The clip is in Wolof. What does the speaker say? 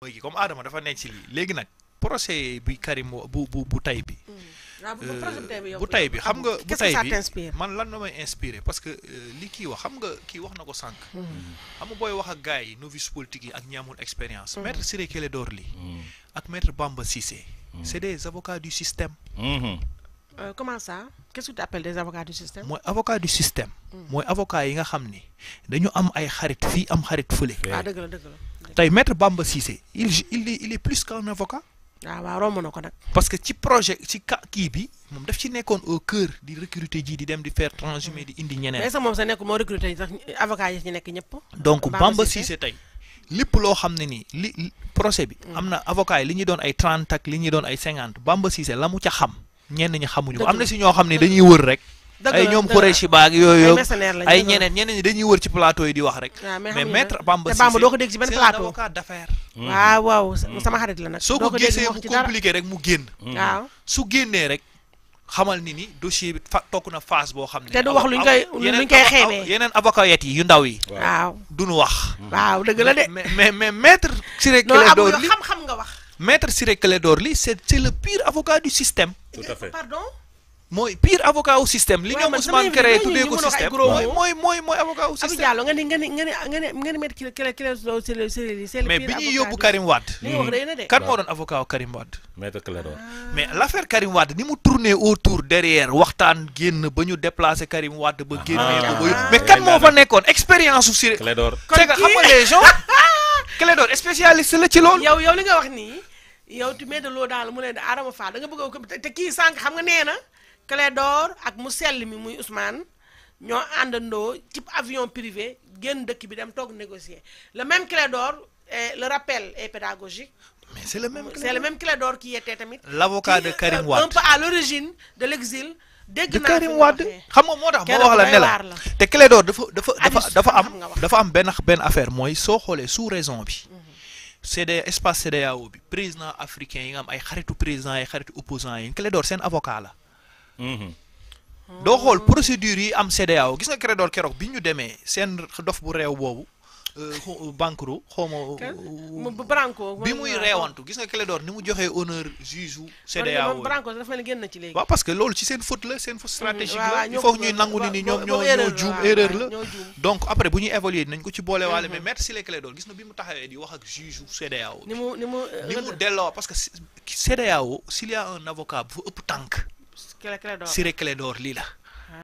mooy gi comme aadama dafa nekk ci lii léegi nag procès bi Karim bu bu bu tay bi. Mm. Euh, bu tay bi xam nga bu tay bi man lan na may inspiré parce que euh, li kii wax xam nga kii wax na ko sànq. Mm. xam nga booy wax ak gars yi novice politique yi ak ñi amul expérience. Mm. maître Ciré Clédor Ly ak maître Bamba Cissé. c'est des avocats du système. Mm-hmm. Euh, comment ça qu'est-ce que tu appelles des avocats mooy avocat du système. mooy avocat yi nga xam ni dañu am ay xarit fii am xarit fële. Ah, dëgg la. tey maître Bamba Cissé il il est il est plus qu'un avocat. Ah, na ko nag. parce que ci projet ci ka kii bi moom daf ci nekkoon au cœur di recruter jii di dem di faire transhumer di indi ñeneen. mais sax moom sa nekk moo recruter sax avocat yi ci nekk ñëpp. donc Bamba Cissé tey. lépp loo xam ne nii li projet bi. Mm. am na avocat yi li ñuy doon ay trente ak li ñuy doon ay cinquante Bamba Cissé la mu ca xam. ñenn ñi xamuñu am na si ñoo xam ne dañuy wër rek. ay ñoom Khoureyssi baag yooyu ay ñeneen ñeneen yi dañuy wër ci plateau yi di wax rek mais maître Bamba Cissé Bamba doo ko dégg ci benn plateau avocat mm. waaw mm. sama xarit la nag soo ko gisee mu compliqué rek mu génn mm. waaw su génnee rek xamal ni ni dossier bi fa toog na phase boo xam ne te du wax luñ koy luñ koy xeebee yeneen avocat yi yu ndaw yi waaw nu wax waaw dëgg la de mais mais maître Ciré Clédor Ly xam-xam nga wax maître Ciré Clédor Ly c'est c'est le pire avocat du système mooy pire avocat au système. li ñoom Ousmane créé tuddee ko système mooy mooy mooy mooy avocat au système. Abi Diallo nga ne nga ne nga ne nga ne mettre clé clé moo doon avocat au Karim Wade. maître Clédor mais l' affaire Karim Wade ni mu tourné autour derrière waxtaan génn ba ñu déplacé Karim Wade ba génnee ba mais kan moo fa nekkoon expérience su si. Clédor kon kii xam nga les gens. ci loolu. yow yow li nga wax nii yow tu mets de l'eau dans le moulin de Adama Fall da xam nga nee na Clédor ak mu sell mi muy Ousmane ñoo àndandoo ci avion privé génn dëkk bi dem toog négocier le même Clédor le rappel est pédagogique. mais c'est le même c'est le même Clédor qui était tamit. l'avocat de Karim euh, Wade un à l'origine de l'exil dégg naa Karim Wade xam nga tax moo wax la ne la te Clédor dafa dafa dafa dafa am dafa am benn benn affaire mooy soo xoolee sous raison bi. Mhm. CEDEA espace CEDEAO bi président africain yi nga am ay xaritu président ay xaritu opposant yi Clédor seen avocat Mm-hmm. doo xool procédure yi am CEDEAO gis nga Clédor keroog bi ñu demee seen dof bu réew boobu euh, euh, Bancro xawma euh, Branco bi muy reewantu gis nga Clédor ni mu joxee honneur juge u CEDEAO Branco ci parce que loolu ci seen faute la seen faute stratégique la mm-hmm. il faut ñuy nangu ni ni ñoom ñoo juum erreur la donc après bu ñuy évaluer nañ ko ci boole waale mais mm-hmm. maître Ciré Clédor gis na bi mu taxawee di wax ak juge u CEDEAO ni mu ni parce que CEDEAO s'il y a un avocat bu ëpp tànk Siré door lii la